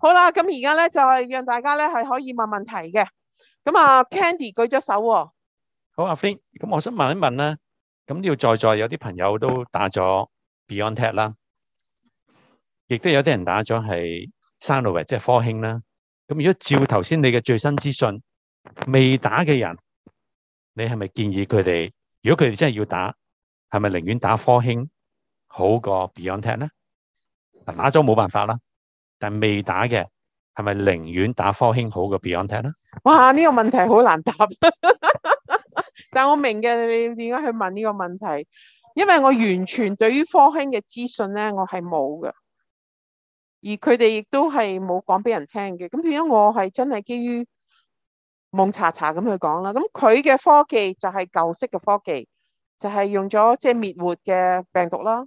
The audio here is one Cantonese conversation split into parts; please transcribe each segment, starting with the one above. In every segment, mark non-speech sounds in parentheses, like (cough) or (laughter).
好啦，咁而家咧就係讓大家咧係可以問問題嘅。咁啊，Candy 舉咗手喎、哦。好啊，阿飛，咁我想問一問啦。咁要在座有啲朋友都打咗 Beyond Tech 啦，亦都有啲人打咗係 Sinovac，即係科興啦。咁如果照頭先你嘅最新資訊，未打嘅人，你係咪建議佢哋，如果佢哋真係要打，係咪寧願打科興好過 Beyond Tech 咧？嗱，打咗冇辦法啦。但未打嘅係咪寧願打科興好嘅 Beyond t e 哇！呢、這個問題好難答， (laughs) 但係我明嘅，你點解去問呢個問題？因為我完全對於科興嘅資訊咧，我係冇嘅，而佢哋亦都係冇講俾人聽嘅。咁變咗我係真係基於蒙查查咁去講啦。咁佢嘅科技就係舊式嘅科技，就係、是、用咗即係滅活嘅病毒啦。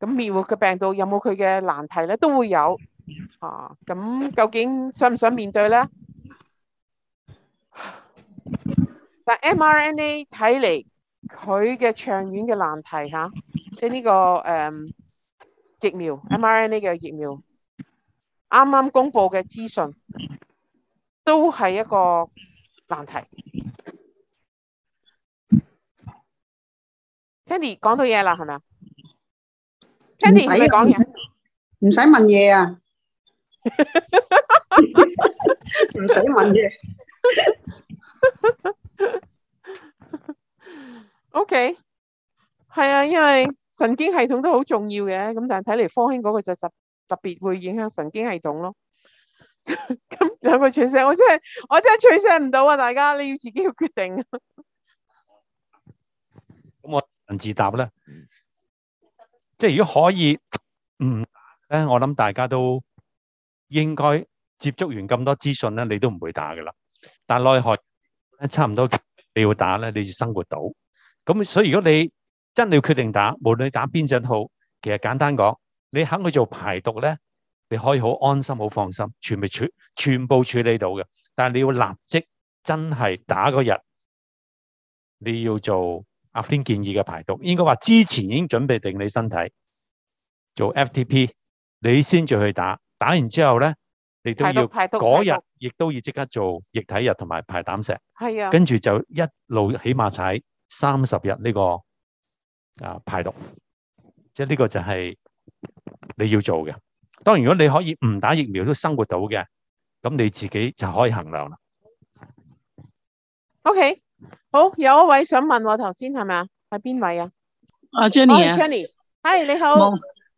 咁滅活嘅病毒有冇佢嘅難題咧？都會有。啊，咁究竟想唔想面對咧？嗱，mRNA 睇嚟佢嘅長遠嘅難題嚇，即係呢個誒疫苗 mRNA 嘅疫苗啱啱公布嘅資訊都係一個難題。Kenny 講到嘢啦，係咪啊？Kenny 唔使講嘢，唔使問嘢啊！唔使問嘅，OK，係啊，因為神經系統都好重要嘅，咁但係睇嚟科興嗰個就特特別會影響神經系統咯。咁兩個取捨，我真係我真係取捨唔到啊！大家你要自己去決定。咁我文字答啦，即係如果可以，嗯，誒，我諗大家都。應該接觸完咁多資訊咧，你都唔會打噶啦。但奈何咧，差唔多你要打咧，你就生活到咁。所以如果你真係要決定打，無論你打邊種號，其實簡單講，你肯去做排毒咧，你可以好安心、好放心，全部處全部處理到嘅。但係你要立即真係打個日，你要做阿添建議嘅排毒，應該話之前已經準備定你身體做 FTP，你先至去打。打完之後咧，你都要排毒，嗰日，亦都要即刻做液體日同埋排膽石。係啊，跟住就一路起碼踩三十日呢個啊排毒，即係呢個就係你要做嘅。當然如果你可以唔打疫苗都生活到嘅，咁你自己就可以衡量啦。OK，好，有一位想問我頭先係咪啊？喺邊位啊？阿 Jenny 啊，Jenny，嗨，你好。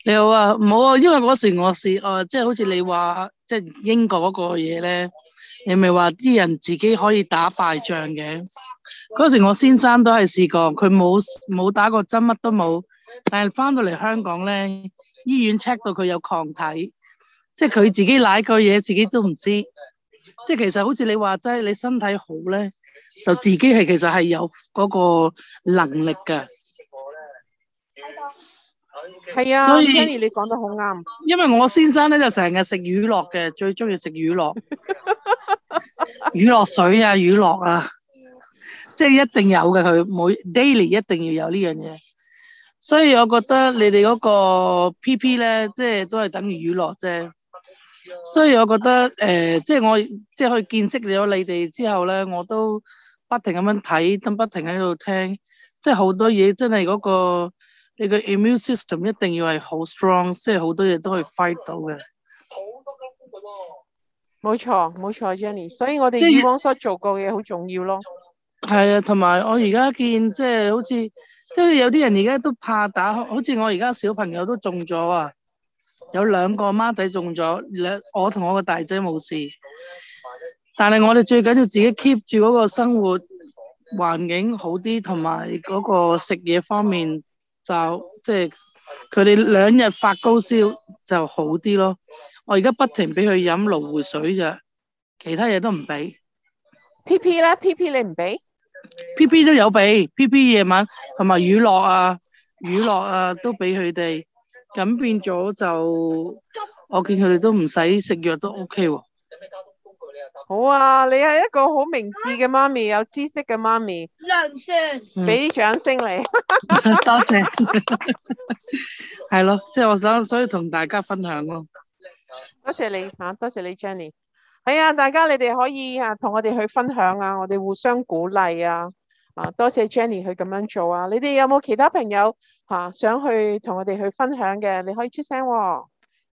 你好啊，唔好啊，因為嗰時我試誒、啊，即係好似你話，即係英國嗰個嘢咧，你咪話啲人自己可以打敗仗嘅。嗰時我先生都係試過，佢冇冇打過針，乜都冇，但係翻到嚟香港咧，醫院 check 到佢有抗體，即係佢自己奶個嘢，自己都唔知。即係其實好似你話齋，你身體好咧，就自己係其實係有嗰個能力噶。係啊，所以 Penny，你講得好啱。因為我先生咧就成日食乳酪嘅，最中意食乳酪，乳酪 (laughs) 水啊，乳酪啊，即 (laughs) 係一定有嘅。佢每 daily 一定要有呢樣嘢，所以我覺得你哋嗰個 PP 咧，即、就、係、是、都係等於乳酪啫。所以我覺得誒，即、呃、係、就是、我即係、就是、可以見識咗你哋之後咧，我都不停咁樣睇，都不停喺度聽，即係好多嘢真係嗰、那個。你個 immune system 一定要係好 strong，即係好多嘢都可以 fight 到嘅。好多都冇咁冇錯冇錯，Jenny。所以我哋即係預防所做過嘅嘢好重要咯。係啊，同埋我而家見即係、就是、好似，即、就、係、是、有啲人而家都怕打，好似我而家小朋友都中咗啊，有兩個孖仔中咗，兩我同我個大仔冇事。但係我哋最緊要自己 keep 住嗰個生活環境好啲，同埋嗰個食嘢方面。就即係佢哋兩日發高燒就好啲咯，我而家不停俾佢飲蘆薈水咋，其他嘢都唔俾。P P 啦，P P 你唔俾？P P 都有俾，P P 夜晚同埋娛樂啊，娛樂啊都俾佢哋，咁變咗就我見佢哋都唔使食藥都 O K 喎。好啊！你係一個好明智嘅媽咪，有知識嘅媽咪。輪船。俾啲掌聲你，多謝。係 (laughs) 咯，即係我想，所以同大家分享咯。多謝你吓，多謝你 Jenny。係啊、哎，大家你哋可以吓同我哋去分享啊，我哋互相鼓勵啊。啊，多謝 Jenny 去咁樣做啊！你哋有冇其他朋友吓想去同我哋去分享嘅？你可以出聲，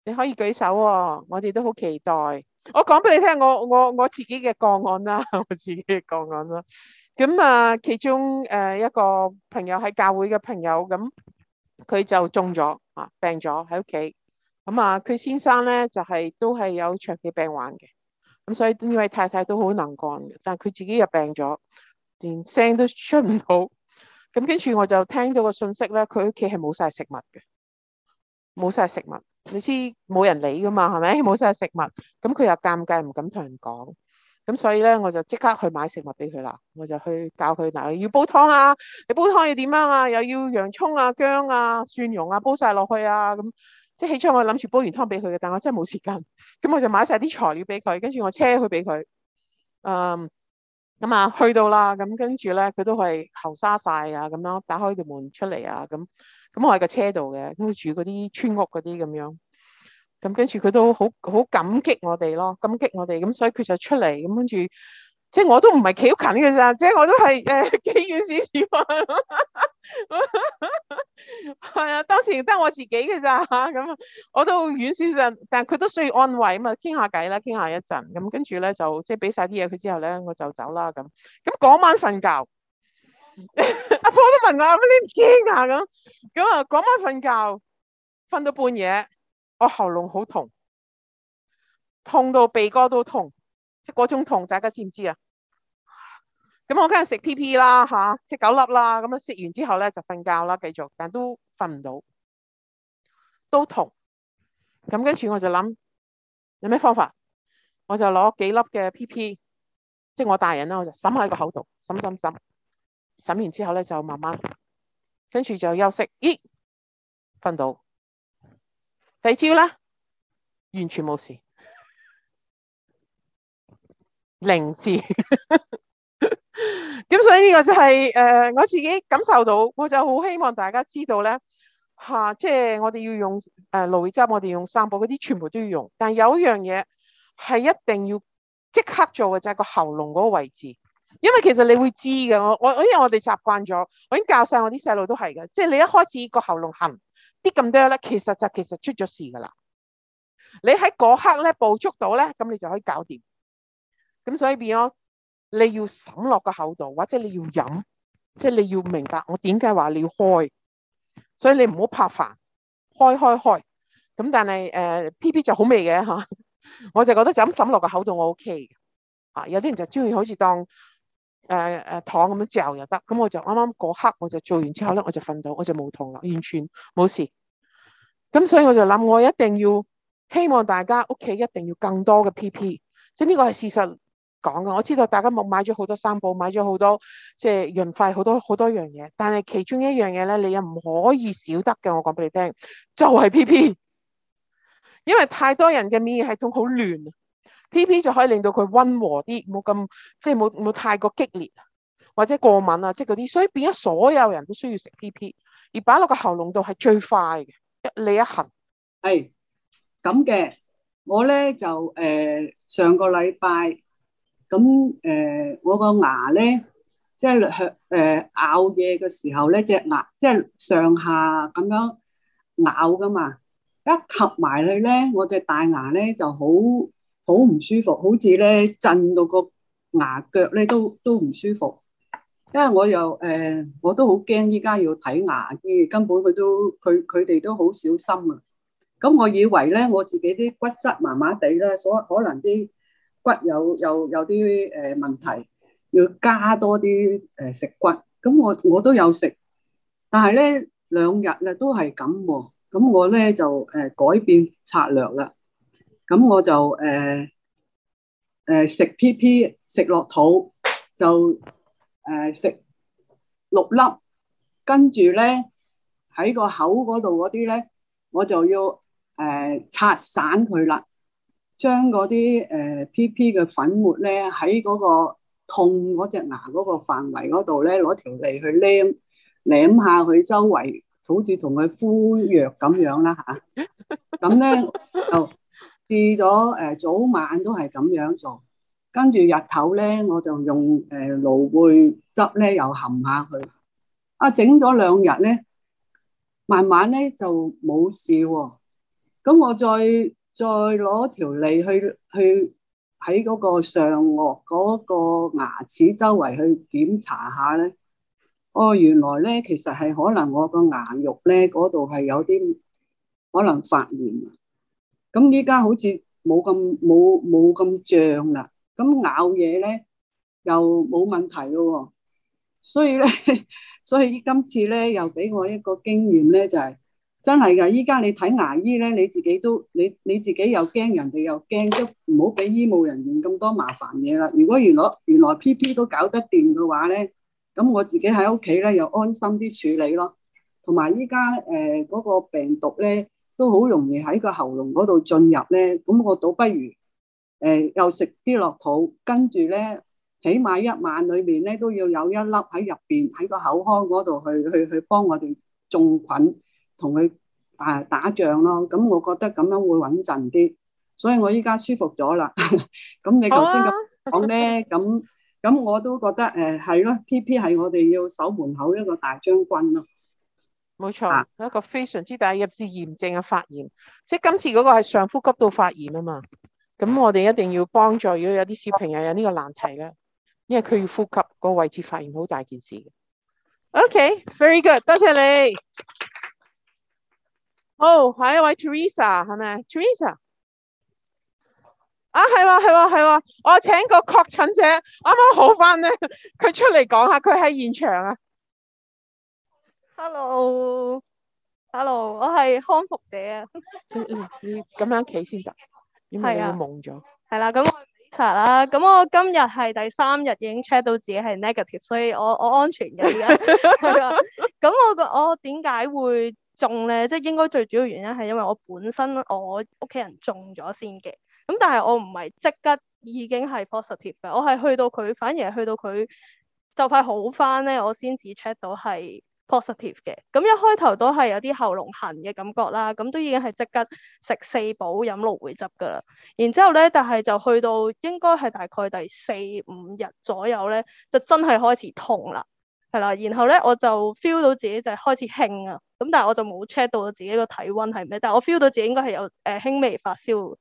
你可以舉手、啊，我哋都好期待。我講俾你聽，我我我自己嘅個案啦，我自己嘅個案啦。咁啊，其中誒一個朋友喺教會嘅朋友，咁佢就中咗啊，病咗喺屋企。咁啊，佢先生咧就係都係有長期病患嘅，咁所以呢位太太都好能幹嘅，但係佢自己又病咗，連聲都出唔到。咁跟住我就聽到個信息咧，佢屋企係冇晒食物嘅，冇晒食物。你知冇人理噶嘛，係咪冇晒食物？咁佢又尷尬，唔敢同人講。咁所以咧，我就即刻去買食物俾佢啦。我就去教佢嗱，要煲湯啊，你煲湯要點樣啊？又要洋葱啊、薑啊、蒜蓉啊，煲晒落去啊。咁即係起初我諗住煲完湯俾佢嘅，但我真係冇時間。咁我就買晒啲材料俾佢，跟住我車去俾佢。嗯，咁啊，去到啦。咁跟住咧，佢都係后沙晒啊，咁樣打開條門出嚟啊，咁。咁我喺個車度嘅，咁佢住嗰啲村屋嗰啲咁樣，咁跟住佢都好好感激我哋咯，感激我哋，咁所以佢就出嚟，咁跟住即係我都唔係企好近嘅咋，即係我都係誒企遠少少，係、呃、 (laughs) (laughs) 啊，當時得我自己嘅咋，咁啊，我都遠少陣，但係佢都需要安慰啊嘛，傾下偈啦，傾下一陣，咁跟住咧就即係俾晒啲嘢佢之後咧，我就走啦，咁，嗰晚瞓覺。 (laughs) 阿婆都問我你唔驚啊？咁咁啊，嗰晚瞓覺瞓到半夜，我喉嚨好痛，痛到鼻哥都痛，即係嗰種痛，大家知唔知啊？咁我梗係食 PP 啦吓，食九粒啦，咁樣食完之後咧就瞓覺啦，繼續，但都瞓唔到，都痛。咁跟住我就諗有咩方法，我就攞幾粒嘅 PP，即係我大人啦，我就沈喺個口度，沈沈沈。洗完之後咧，就慢慢跟住就休息。咦，瞓到。第二朝咧，完全冇事，零治。咁所以呢個就係誒，我自己感受到，我就好希望大家知道咧嚇，即係我哋要用誒蘆薈汁，我哋用三寶嗰啲，全部都要用。但係有一樣嘢係一定要即刻做嘅，就係個喉嚨嗰個位置。因為其實你會知嘅，我我因為我哋習慣咗，我已經教晒我啲細路都係嘅，即係你一開始個喉嚨痕，啲咁多咧，其實就其實出咗事噶啦。你喺嗰刻咧捕捉到咧，咁你就可以搞掂。咁所以變咗你要沈落個口度，或者你要飲，即係你要明白我點解話你要開，所以你唔好怕煩，開開開。咁但係誒 P P 就好味嘅吓， (laughs) 我就覺得就咁沈落個口度我 O K 嘅。啊，有啲人就中意，好似當。誒誒、啊啊，糖咁樣嚼又得，咁我就啱啱嗰刻我就做完之後咧，我就瞓到，我就冇痛啦，完全冇事。咁所以我就諗，我一定要希望大家屋企一定要更多嘅 PP，即係呢個係事實講嘅。我知道大家冇買咗好多三寶，買咗好多即係潤肺，好多好多樣嘢，但係其中一樣嘢咧，你又唔可以少得嘅。我講俾你聽，就係、是、PP，因為太多人嘅免疫系統好亂。P P 就可以令到佢溫和啲，冇咁即係冇冇太過激烈，或者過敏啊，即係嗰啲，所以變咗所有人都需要食 P P，而擺落個喉嚨度係最快嘅，一嚟一行。係咁嘅，我咧就誒、呃、上個禮拜，咁誒、呃、我個牙咧，即係誒咬嘢嘅時候咧，隻牙即係、就是、上下咁樣咬㗎嘛，一合埋去咧，我隻大牙咧就好。好唔舒服，好似咧震到個牙腳咧都都唔舒服。因為我又誒、呃，我都好驚依家要睇牙醫，根本佢都佢佢哋都好小心啊。咁我以為咧，我自己啲骨質麻麻地啦，所可能啲骨有有有啲誒問題，要加多啲誒食骨。咁我我都有食，但係咧兩日咧都係咁，咁我咧就誒改變策略啦。咁我就誒誒食 PP 食落肚，就誒食六粒，跟住咧喺個口嗰度嗰啲咧，我就要誒拆散佢啦，將嗰啲誒 PP 嘅粉末咧喺嗰個痛嗰隻牙嗰個範圍嗰度咧攞條脷去舐舐下佢周圍，好似同佢敷藥咁樣啦嚇。咁咧就。試咗誒，早晚都係咁樣做，跟住日頭咧，我就用誒蘆薈汁咧又含下去。啊，整咗兩日咧，慢慢咧就冇事喎。咁我再再攞條脷去去喺嗰個上顎嗰個牙齒周圍去檢查下咧。哦，原來咧其實係可能我個牙肉咧嗰度係有啲可能發炎。咁依家好似冇咁冇冇咁脹啦，咁咬嘢咧又冇問題咯喎，所以咧，所以今次咧又俾我一個經驗咧，就係、是、真係噶，依家你睇牙醫咧，你自己都你你自己又驚人哋又驚，都唔好俾醫務人員咁多麻煩嘢啦。如果原來原來 PP 都搞得掂嘅話咧，咁我自己喺屋企咧又安心啲處理咯，同埋依家誒嗰個病毒咧。都好容易喺個喉嚨嗰度進入咧，咁我倒不如誒、呃、又食啲落肚，跟住咧起碼一晚裏面咧都要有一粒喺入邊，喺個口腔嗰度去去去幫我哋種菌，同佢啊打仗咯。咁我覺得咁樣會穩陣啲，所以我依家舒服咗啦。咁 (laughs) 你頭先咁講咧，咁咁好、啊、 (laughs) 我都覺得誒係咯，P P 係我哋要守門口一個大將軍咯。冇錯，啊、一個非常之大入治炎症嘅發炎，即係今次嗰個係上呼吸道發炎啊嘛。咁我哋一定要幫助，如果有啲小朋友有呢個難題啦，因為佢要呼吸個位置發炎，好大件事。OK，very good，多謝你。哦，下一位 Teresa 係咪？Teresa？啊係喎係喎係喎，我請個確診者，啱啱好翻咧，佢出嚟講下，佢喺現場啊。Hello，Hello，hello，我係康復者啊。你 (laughs) 咁樣企先得，因為要望咗。係、 (laughs) 啊啊、啦，咁我 check 啦，咁我今日係第三日已經 check 到自己係 negative，所以我我安全嘅。咁、啊 (laughs) 嗯、我個我點解會中咧？即係應該最主要原因係因為我本身我屋企人中咗先嘅。咁但係我唔係即刻已經係 positive 嘅，我係去到佢反而係去到佢就快好翻咧，我先至 check 到係。Positive 嘅，咁一開頭都係有啲喉嚨痕嘅感覺啦，咁都已經係即刻食四寶飲蘆薈汁噶啦。然之後咧，但係就去到應該係大概第四五日左右咧，就真係開始痛啦，係啦。然後咧，我就 feel 到自己就係開始㷫啊，咁但係我就冇 check 到我自己個體溫係咩，但係我 feel 到自己應該係有誒、呃、輕微發燒。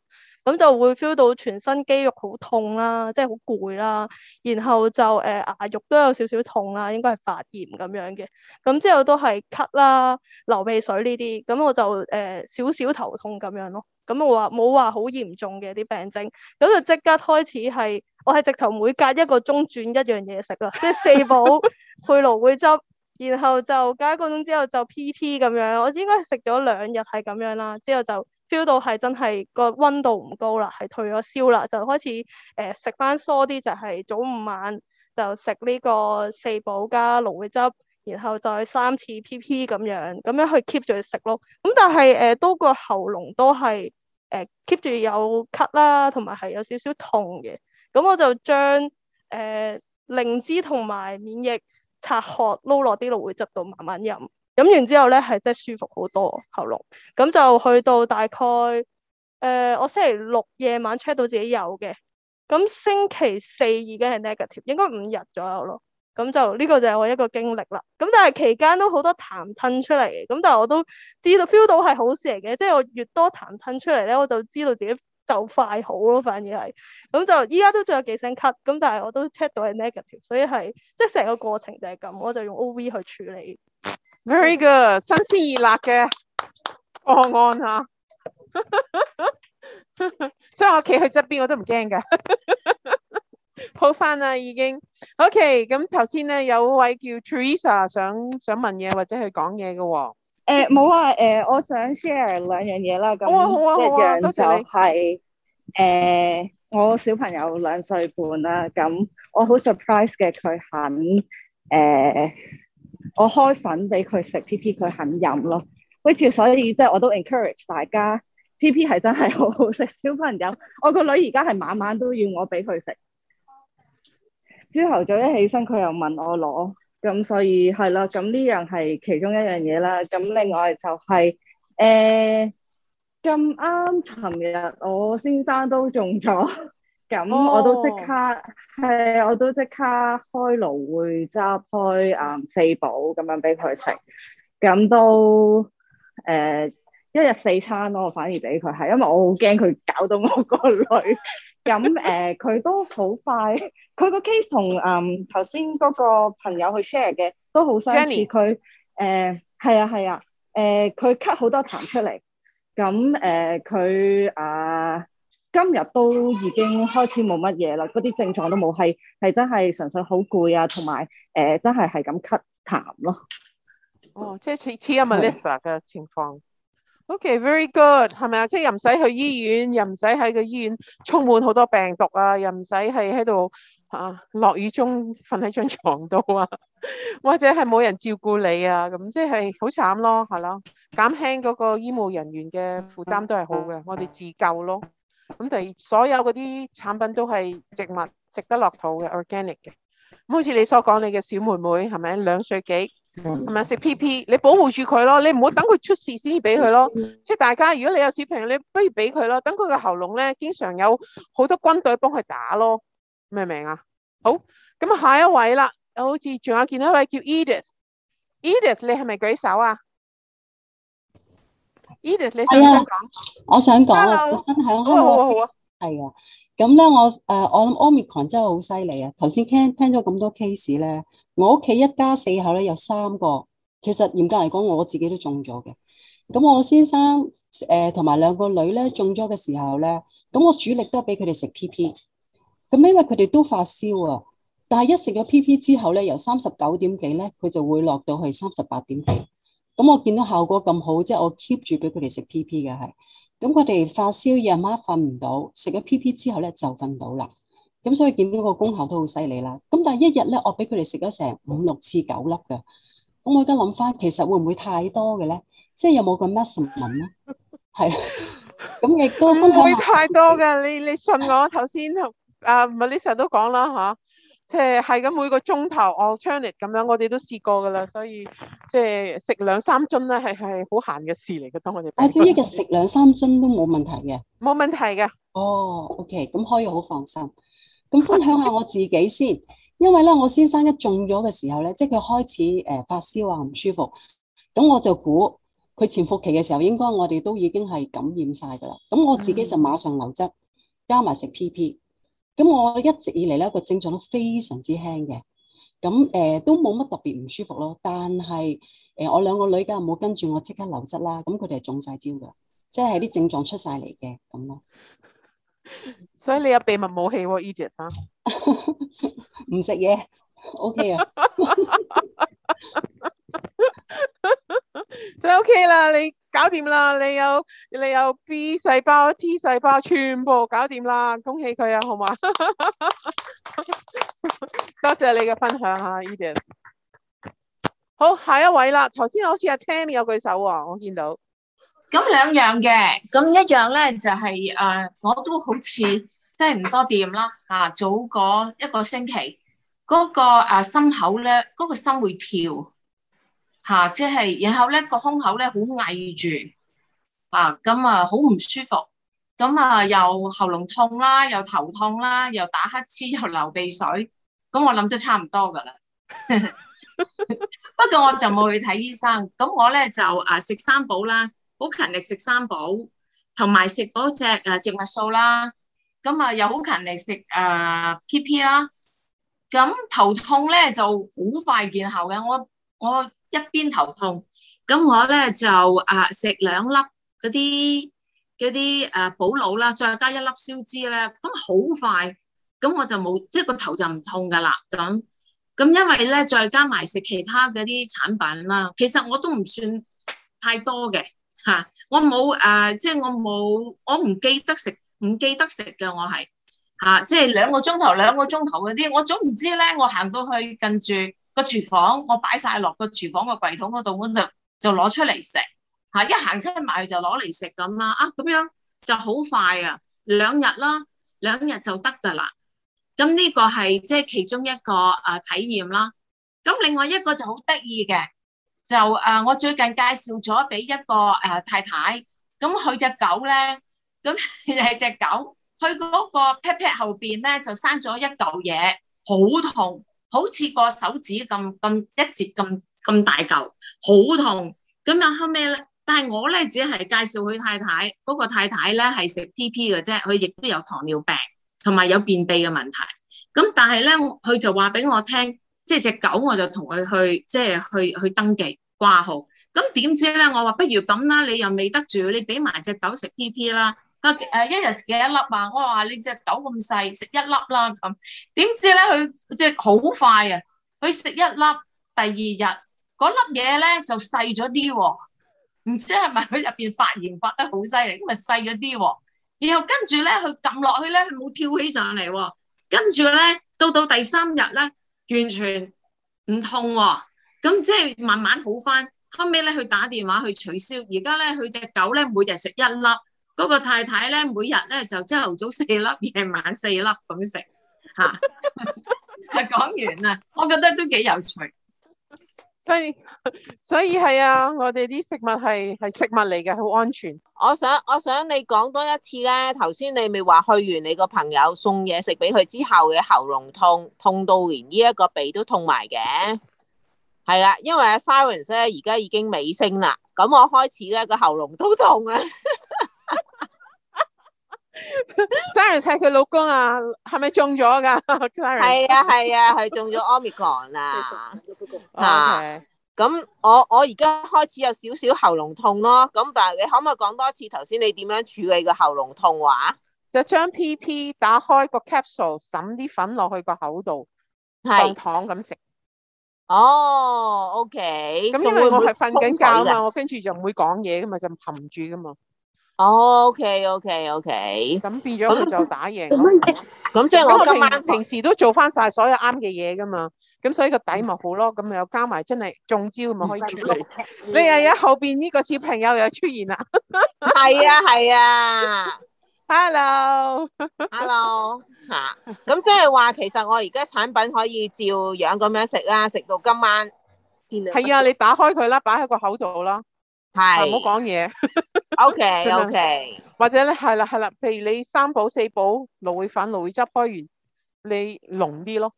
咁就會 feel 到全身肌肉好痛啦，即係好攰啦，然後就誒、呃、牙肉都有少少痛啦，應該係發炎咁樣嘅。咁之後都係咳啦、流鼻水呢啲。咁我就誒少少頭痛咁樣咯。咁我話冇話好嚴重嘅啲病徵。咁就即刻開始係，我係直頭每隔一個鐘轉一樣嘢食啦，即係四寶配蘆薈汁，汁 (laughs) 然啪啪，然後就隔一個鐘之後就 PP 咁樣。我應該食咗兩日係咁樣啦，之後就。feel 到係真係個溫度唔高啦，係退咗燒啦，就開始誒食翻疏啲，就係、是、早午晚就食呢個四寶加蘆薈汁，然後再三次 PP 咁樣，咁樣去 keep 住食咯。咁、嗯、但係誒、呃、都個喉嚨都係誒 keep 住有咳啦，同埋係有少少痛嘅。咁、嗯、我就將誒、呃、靈芝同埋免疫拆殼撈落啲蘆薈汁度慢慢飲。飲完之後咧，係真係舒服好多喉嚨。咁就去到大概誒、呃，我星期六夜晚 check 到自己有嘅，咁星期四已經係 negative，應該五日左右咯。咁就呢個就係我一個經歷啦。咁但係期間都好多痰吞出嚟嘅，咁但係我都知道 feel 到係好事嚟嘅，即係我越多痰吞出嚟咧，我就知道自己就快好咯。反而係咁就依家都仲有幾聲咳，咁但係我都 check 到係 negative，所以係即係成個過程就係咁，我就用 O V 去處理。Very good，新鮮熱辣嘅，安安啊， (laughs) 所以我企喺側邊我都唔驚㗎， (laughs) 好翻啦、啊、已經。OK，咁頭先咧有位叫 Teresa 想想問嘢或者去講嘢嘅，誒冇、呃、啊，誒、呃、我想 share 兩樣嘢啦，咁、哦、好、啊、一樣就係誒、呃、我小朋友兩歲半啦，咁我好 surprise 嘅佢肯誒。我開粉俾佢食 P P 佢肯飲咯，跟住，所以即係我都 encourage 大家 P P 係真係好好食小朋友，我個女而家係晚晚都要我俾佢食，朝頭早一起身佢又問我攞。咁所以係啦，咁呢樣係其中一樣嘢啦，咁另外就係誒，咁啱尋日我先生都中咗。咁我都即刻係，oh，我都即刻開爐會，會執開嗯四寶咁樣俾佢食。咁都誒、呃、一日四餐咯，我反而俾佢係，因為我好驚佢搞到我個女。咁誒， (laughs) 佢、呃、都好快，佢個 case 同嗯頭先嗰個朋友去 share 嘅都好相似。佢誒係啊係啊誒，佢咳好多痰出嚟。咁誒佢啊～今日都已經開始冇乜嘢啦，嗰啲症狀都冇，係係真係純粹好攰啊，同埋誒真係係咁咳痰咯。哦，即係似似阿 Melissa 嘅情況。Okay，very good，係咪啊？即係又唔使去醫院，又唔使喺個醫院充滿好多病毒啊，又唔使係喺度嚇落雨中瞓喺張床度啊，或者係冇人照顧你啊，咁即係好慘咯，係咯，減輕嗰個醫務人員嘅負擔都係好嘅，我哋自救咯。咁哋所有嗰啲產品都係植物食得落肚嘅 organic 嘅，咁好似你所講，你嘅小妹妹係咪兩歲幾？係咪食 PP？你保護住佢咯，你唔好等佢出事先至俾佢咯。即係大家，如果你有小朋友，你不如俾佢咯，等佢個喉嚨咧，經常有好多軍隊幫佢打咯。明唔明啊？好，咁啊下一位啦，好似仲有見到一位叫 Edith，Edith，你係咪舉手啊？係啊，我想講 Hello? 的啊，分享。係啊，咁咧、啊啊、我誒，我諗 Omicron 真係好犀利啊！頭先聽聽咗咁多 case 咧，我屋企一家四口咧有三個，其實嚴格嚟講，我自己都中咗嘅。咁我先生誒同埋兩個女咧中咗嘅時候咧，咁我主力都係俾佢哋食 PP。咁因為佢哋都發燒啊，但係一食咗 PP 之後咧，由三十九點幾咧，佢就會落到去三十八點幾。咁我見到效果咁好，即係我 keep 住俾佢哋食 PP 嘅係。咁佢哋發燒，夜晚瞓唔到，食咗 PP 之後咧就瞓到啦。咁所以見到個功效都好犀利啦。咁但係一日咧，我俾佢哋食咗成五六次九粒嘅。咁我而家諗翻，其實會唔會太多嘅咧？即係有冇個乜成分咧？係 (laughs) (laughs) (laughs) 都。咁亦都唔會太多嘅。 (laughs) 你你信我，頭先啊唔係 Melissa 都講啦吓。即係咁，每個鐘頭 alternate 咁樣，我哋都試過噶啦，所以即係食兩三樽咧，係係好閒嘅事嚟嘅。當我哋即係一日食兩三樽都冇問題嘅，冇問題嘅。哦、oh，OK，咁可以好放心。咁分享下我自己先， (laughs) 因為咧我先生一中咗嘅時候咧，即係佢開始誒發燒啊，唔舒服。咁我就估佢潛伏期嘅時候，應該我哋都已經係感染晒噶啦。咁我自己就馬上留質，加埋食 PP。P 咁我一直以嚟咧個症狀都非常之輕嘅，咁誒、呃、都冇乜特別唔舒服咯。但係誒、呃、我兩個女梗係冇跟住我即刻流質啦，咁佢哋係中晒招噶，即係啲症狀出晒嚟嘅咁咯。 (laughs) 所以你有秘密武器喎，Eddie 啊？唔食嘢，OK 啊？ (laughs) (laughs) (laughs) 就 OK 啦，你搞掂啦，你有你有 B 細胞、T 細胞，全部搞掂啦，恭喜佢啊，好嘛？多謝你嘅分享啊，Ethan。好，下一位啦，頭先好似阿 Tammy 有舉手啊，我見到。咁兩樣嘅，咁一樣咧就係誒，我都好似即係唔多掂啦啊，早嗰一個星期嗰個誒心口咧，嗰個心會跳。吓，即係，然後咧個胸口咧好翳住，啊，咁啊好唔舒服，咁啊又喉嚨痛啦，又頭痛啦，又打乞嗤，又流鼻水，咁、啊、我諗都差唔多噶啦。 (laughs) 不過我就冇去睇醫生，咁我咧就啊食三寶啦，好勤力食三寶，同埋食嗰隻誒植物素啦，咁啊又好勤力食誒、呃、PP 啦，咁頭痛咧就好快見效嘅，我我。一邊頭痛，咁我咧就啊食兩粒嗰啲啲誒補腦啦，再加一粒消脂啦，咁好快，咁我就冇即係個頭就唔痛㗎喇，咁咁因為咧再加埋食其他嗰啲產品啦，其實我都唔算太多嘅嚇、啊，我冇誒、啊、即係我冇我唔記得食唔記得食嘅我係嚇、啊，即係兩個鐘頭兩個鐘頭嗰啲，我總唔知咧，我行到去跟住個廚房我擺晒落個廚房個櫃桶嗰度，咁就就攞出嚟食，吓一行出去埋去就攞嚟食咁啦，啊咁樣就好快啊，兩日啦，兩日就得噶啦。咁、這、呢個係即係其中一個啊體驗啦。咁另外一個就好得意嘅，就啊我最近介紹咗俾一個誒太太，咁佢隻狗咧，咁係隻狗，佢嗰個 pet pet 後邊咧就生咗一嚿嘢，好痛。好似個手指咁咁一截咁咁大嚿，好痛。咁啊後尾咧，但係我咧只係介紹佢太太，嗰個太太咧係食 PP 嘅啫，佢亦都有糖尿病同埋有，有便秘嘅問題。咁但係咧，佢就話俾我聽，即係隻狗我就同佢去，即係去去，去登記掛號。咁點知咧，我話不如咁啦，你又未得住，你俾埋隻狗食 PP 啦。P 啊誒，一日食幾多粒啊？我話你隻狗咁細，食一粒啦咁。點知咧佢即係好快啊！佢食一粒，第二日嗰粒嘢咧就細咗啲喎，唔知係咪佢入邊發炎發得好犀利，咁咪細咗啲。然後跟住咧，佢撳落去咧，佢冇跳起上嚟。跟住咧，到到第三日咧，完全唔痛喎。咁即係慢慢好返。後尾咧，佢打電話去取消。而家咧，佢隻狗咧，每日食一粒。嗰個太太咧，每日咧就朝頭早四粒，夜晚四粒咁食吓。就 (laughs) 講完啦，我覺得都幾有趣。所以所以係啊，我哋啲食物係係食物嚟嘅，好安全。我想我想你講多一次咧。頭先你咪話去完你個朋友送嘢食俾佢之後嘅喉嚨痛，痛到連呢一個鼻都痛埋嘅係啦。因為阿 Silence 咧而家已經尾聲啦，咁我開始咧個喉嚨都痛啊。 (laughs) Sara 係佢老公啊，係咪中咗噶？係啊係啊，佢、啊、中咗 Omicron 啦。嗱，咁我我而家開始有少少喉嚨痛咯。咁但係你可唔可以講多次頭先你點樣處理個喉嚨痛話？就將 PP 打開個 capsule，灑啲粉落去個口度，凍是糖咁食。哦、oh，OK。咁、嗯、因為我係瞓緊覺啊嘛，我跟住就唔會講嘢噶嘛，就含住噶嘛。OK OK OK，咁變咗佢就打贏。咁即係我今晚平時都做翻曬所有啱嘅嘢噶嘛，咁所以個底咪好咯。咁又加埋真係中招咪可以出嚟。你又有後邊呢個小朋友又出現啦。係啊係啊，Hello Hello，嚇。咁即係話其實我而家產品可以照樣咁樣食啦，食到今晚。係啊，你打開佢啦，擺喺個口度囉。係唔好講嘢。O K O K，或者咧係啦係啦，譬如你三寶四寶蘆薈粉、蘆薈汁開完，你濃啲咯，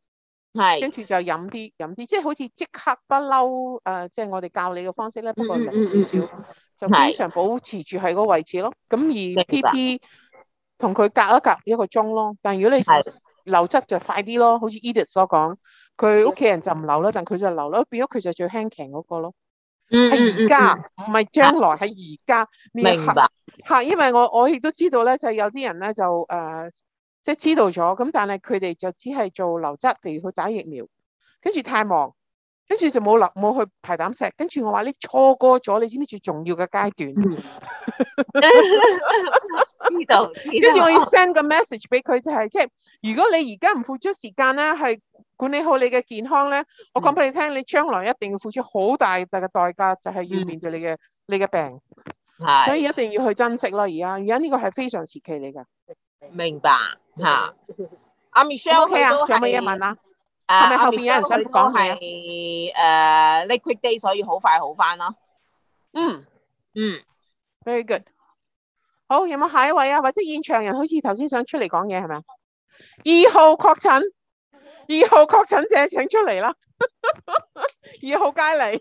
係跟住就飲啲飲啲，即係好似即刻不嬲誒，即係我哋教你嘅方式咧，不過飲少少就非常保持住喺個位置咯。咁的而 P P 同佢隔一隔一個鐘咯，但係如果你流質就快啲咯，好似 Edith 所講，佢屋企人就唔流啦，但佢就流咯，變咗佢就最輕 k 嗰個咯。係而家，唔係將來，係而家明白。係因為我我亦都知道咧，就係有啲人咧就誒，即、呃、係知道咗，咁但係佢哋就只係做流質，譬如去打疫苗，跟住太忙，跟住就冇流冇去排膽石，跟住我話你錯過咗你知唔知最重要嘅階段？ (laughs) (laughs) 知道，跟住我要 send 個 message 俾佢，就係即係，如果你而家唔付出時間咧，係管理好你嘅健康咧，我講俾你聽，你將來一定要付出好大嘅代價，就係要面對你嘅你嘅病，所以一定要去珍惜咯。而家而家呢個係非常時期嚟㗎，明白吓。阿 Michelle OK 啊，有乜嘢問啊？係咪後邊有人想講？係誒 Liquid Day，所以好快好翻咯？嗯嗯，very good。好，有冇下一位啊？或者現場人好似頭先想出嚟講嘢係咪啊？二號確診，二號確診者請出嚟啦！二 (laughs) 號佳麗！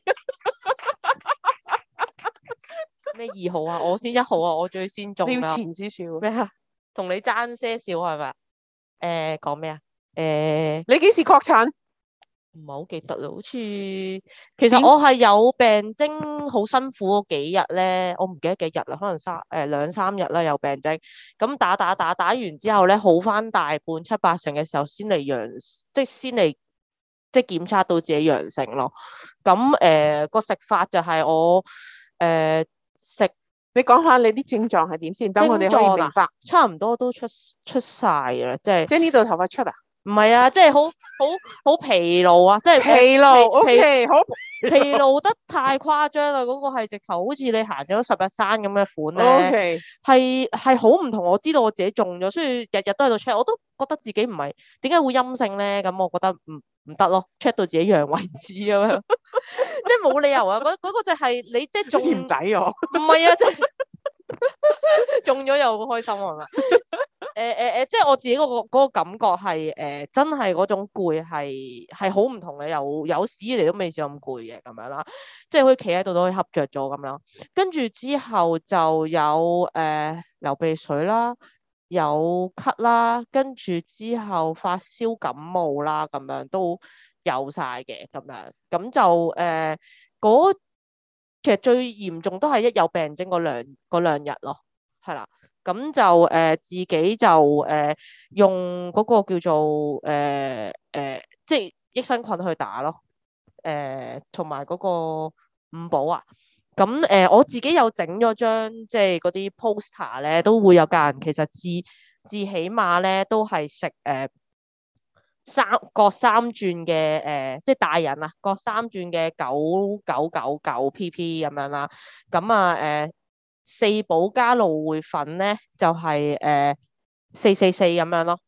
咩 (laughs) 二號啊？我先一號啊！我最先中，要前少少咩？同你爭些少係咪？誒，講咩啊？誒，呃、你幾時確診？唔係好記得咯，好似其實我係有病徵，好辛苦嗰幾日咧，我唔記得幾日啦，可能三誒兩三日啦，有病徵。咁打打打打完之後咧，好翻大半七八成嘅時候，先嚟陽，即係先嚟即係檢測到自己陽性咯。咁誒個食法就係我誒、呃、食，你講下你啲症狀係點先？等我哋症狀啦，差唔多都出出晒啦，即係即係呢度頭髮出啊。唔係啊，即係好好好疲勞啊，即係疲勞勞、okay, 好疲勞得太誇張啦，嗰個係直頭好似你行咗十日山咁嘅款咧，係係好唔同，我知道我自己中咗，所以日日都喺度 check，我都覺得自己唔係點解會陰性咧，咁我覺得唔唔得咯，check 到自己陽為止咁樣， (laughs) 即係冇理由啊，嗰嗰個就係你即係，中唔抵我，唔係啊，即係。 (laughs) 中咗又好開心啊！誒誒誒，即係我自己嗰、嗰個、嗰個感覺係誒、欸，真係嗰種攰係係好唔同嘅，有有史以嚟都未試咁攰嘅咁樣啦。即係可以企喺度都可以瞌着咗咁樣，跟住之後就有誒、呃、流鼻水啦，有咳啦，跟住之後發燒感冒啦，咁樣都有晒嘅咁樣，咁就誒嗰。呃其實最嚴重都係一有病徵嗰兩兩日咯，係啦，咁就誒、呃、自己就誒、呃、用嗰個叫做誒誒、呃呃，即係益生菌去打咯，誒同埋嗰個五寶啊，咁、嗯、誒、呃、我自己有整咗張即係嗰啲 poster 咧，都會有教人其實至自，自起碼咧都係食誒。呃三各三轉嘅、誒，即係大人啊，各三轉嘅九九九九 PP 咁樣啦、啊。咁啊誒、呃，四寶加蘆薈粉咧就係誒四四四咁樣咯。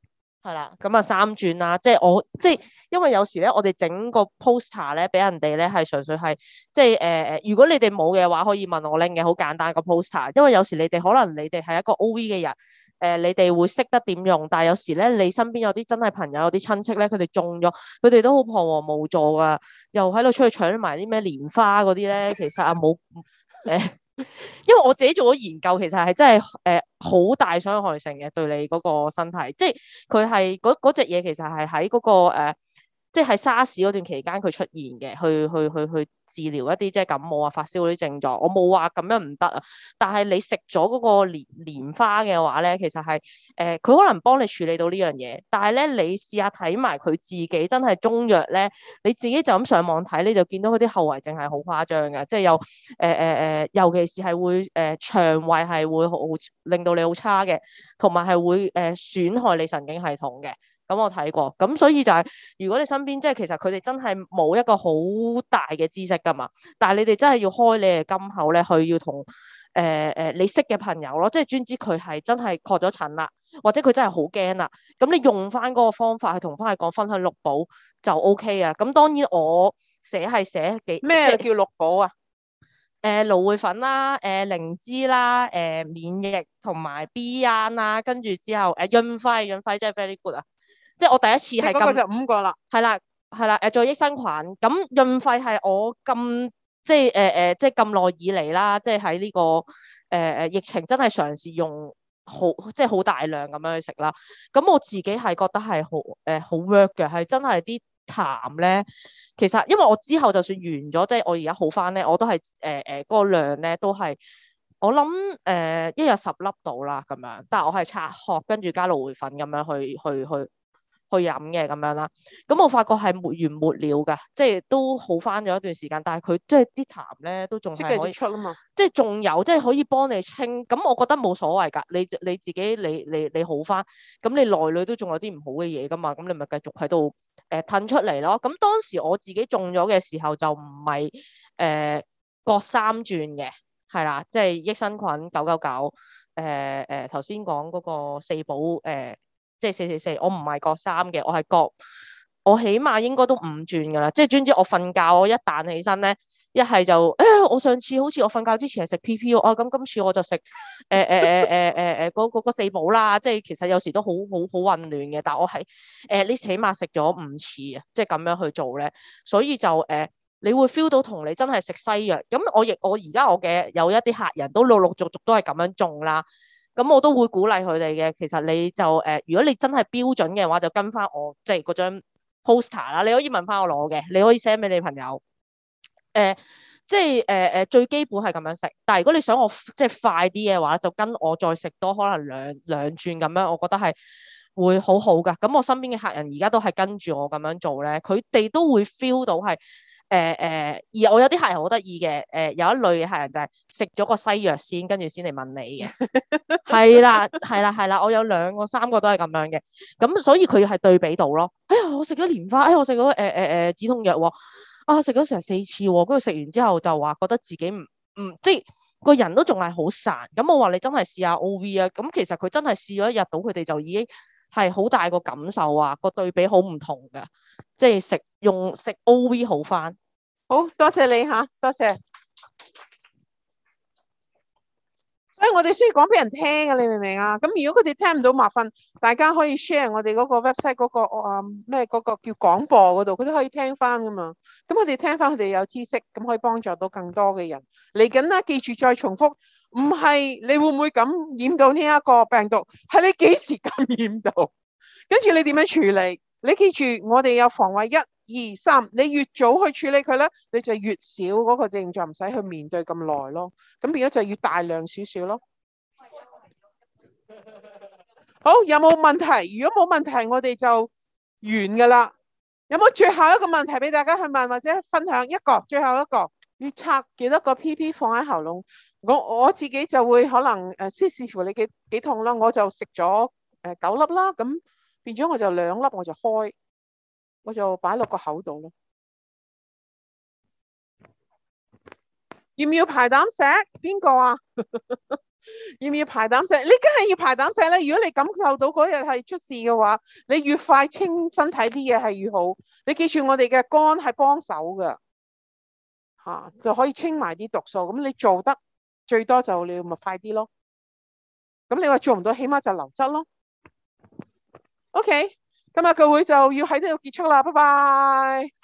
係啦了，咁啊、嗯、三轉啦、啊，即係我即係因為有時咧，我哋整個 poster 咧俾人哋咧係純粹係即係誒誒，如果你哋冇嘅話，可以問我拎嘅好簡單個 poster。因為有時你哋可能你哋係一個 OV 嘅人。誒、呃，你哋會識得點用，但係有時咧，你身邊有啲真係朋友，有啲親戚咧，佢哋中咗，佢哋都好彷徨無助噶，又喺度出去搶埋啲咩蓮花嗰啲咧，其實啊冇誒，因為我自己做咗研究，其實係真係誒好大傷害性嘅對你嗰個身體，即係佢係嗰嗰隻嘢其實係喺嗰個、呃即係喺沙士嗰段期間，佢出現嘅，去去去去治療一啲即係感冒啊、發燒啲症狀。我冇話咁樣唔得啊，但係你食咗嗰個蓮，蓮花嘅話咧，其實係誒佢可能幫你處理到呢樣嘢。但係咧，你試下睇埋佢自己真係中藥咧，你自己就咁上網睇，你就見到佢啲後遺症係好誇張嘅，即係有，誒誒誒，尤其是係會誒、呃、腸胃係會好令到你好差嘅，同埋係會誒、呃、損害你神經系統嘅。咁我睇過，咁所以就係、是、如果你身邊即係其實佢哋真係冇一個好大嘅知識㗎嘛，但係你哋真係要開你嘅金口咧，去要同誒誒你識嘅朋友咯，即係專知佢係真係確咗診啦，或者佢真係好驚啦，咁你用翻嗰個方法去同翻佢講分享六寶就 O K 啊。咁當然我寫係寫幾咩什麼 即叫六寶啊？誒蘆薈粉啦、啊，誒、呃、靈芝啦、啊，誒、呃、免疫同埋 B N 啦、啊，跟住之後誒、呃、潤肺潤肺真係 very good 啊！即係我第一次係咁，個就五個啦，係啦，係啦，誒再益生菌，咁潤肺係我咁即係誒誒，即係咁耐以嚟啦，即係喺呢個誒誒、呃、疫情真係嘗試用好即係好大量咁樣去食啦。咁我自己係覺得係好誒、呃、好 work 嘅，係真係啲痰咧，其實因為我之後就算完咗，即係我而家好返咧，我都係誒誒嗰個量咧都係我諗誒、呃、一日十粒到啦咁樣，但係我係拆殼跟住加蘆薈粉咁樣去去去。去去去飲嘅咁樣啦，咁我發覺係沒完沒了噶，即係都好翻咗一段時間，但係佢即係啲痰咧都仲係可以，出吖嘛？即係仲有即係可以幫你清。咁我覺得冇所謂㗎，你你自己你你你好翻，咁你內裏都仲有啲唔好嘅嘢㗎嘛，咁你咪繼續喺度誒褪出嚟咯。咁當時我自己中咗嘅時候就唔係誒割三轉嘅，係啦，即係益生菌九九九誒誒頭先講嗰個四寶誒。呃即係四四四，我唔係各三嘅，我係各，我起碼應該都五轉噶啦。即係總之，我瞓覺我一彈起身咧，一係就誒、哎，我上次好似我瞓覺之前係食 P P O 啊，咁、啊、今次我就食誒誒誒誒誒誒嗰個四寶啦。即係其實有時都好好好混亂嘅，但係我係誒你起碼食咗五次，即係咁樣去做咧，所以就誒、呃、你會 feel 到同你真係食西藥。咁我亦我而家我嘅有一啲客人都陸陸續續都係咁樣種啦。咁我都會鼓勵佢哋嘅，其實你就誒、呃，如果你真係標準嘅話，就跟翻我即係嗰張 poster 啦。你可以問翻我攞嘅，你可以 send 俾你朋友。誒、呃，即係誒誒，最基本係咁樣食。但係如果你想我即係快啲嘅話，就跟我再食多可能兩兩轉咁樣，我覺得係會好好㗎。咁我身邊嘅客人而家都係跟住我咁樣做咧，佢哋都會 feel 到係。誒誒、呃，而我有啲客人好得意嘅，誒、呃、有一類嘅客人就係食咗個西藥先，跟住先嚟問你嘅。係啦係啦係啦，我有兩個三個都係咁樣嘅，咁、嗯、所以佢係對比到咯。哎呀，我食咗蓮花，哎我食咗誒誒誒止痛藥、哦，啊食咗成四次、哦，跟住食完之後就話覺得自己唔唔、嗯、即係個人都仲係好散，咁、嗯、我話你真係試下 OV 啊，咁、嗯、其實佢真係試咗一日到，佢哋就已經，係好大個感受啊，個對比好唔同噶，即係食用食 OV 好翻。好多謝你吓，多謝。所以我哋需要講俾人聽啊，你明唔明啊？咁如果佢哋聽唔到麻煩，麻煩大家可以 share 我哋嗰個 website 嗰、嗰個啊咩個叫廣播嗰度，佢都可以聽翻噶嘛。咁佢哋聽翻，佢哋有知識，咁可以幫助到更多嘅人。嚟緊啦，記住再重複。唔係你會唔會感染到呢一個病毒？係你幾時感染到？跟住你點樣處理？你記住，我哋有防衛一二三。你越早去處理佢咧，你就越少嗰個症狀，唔使去面對咁耐咯。咁變咗就要大量少少咯。好，有冇問題？如果冇問題，我哋就完噶啦。有冇最後一個問題俾大家去問或者分享一個？最後一個。要拆幾多個 PP 放喺喉嚨？我我自己就會可能誒，呃、視，視乎你幾幾痛啦。我就食咗誒九粒啦，咁變咗我就兩粒我就開，我就擺落個口度咯。要唔要排膽石？邊個啊？ (laughs) 要唔要排膽石？你梗係要排膽石啦。如果你感受到嗰日係出事嘅話，你越快清身體啲嘢係越好。你記住我哋嘅肝係幫手噶。吓、啊，就可以清埋啲毒素。咁、嗯、你做得最多就你咪快啲咯。咁、嗯、你話做唔到，起碼就流質咯。OK，今日嘅會就要喺呢度結束啦。拜拜。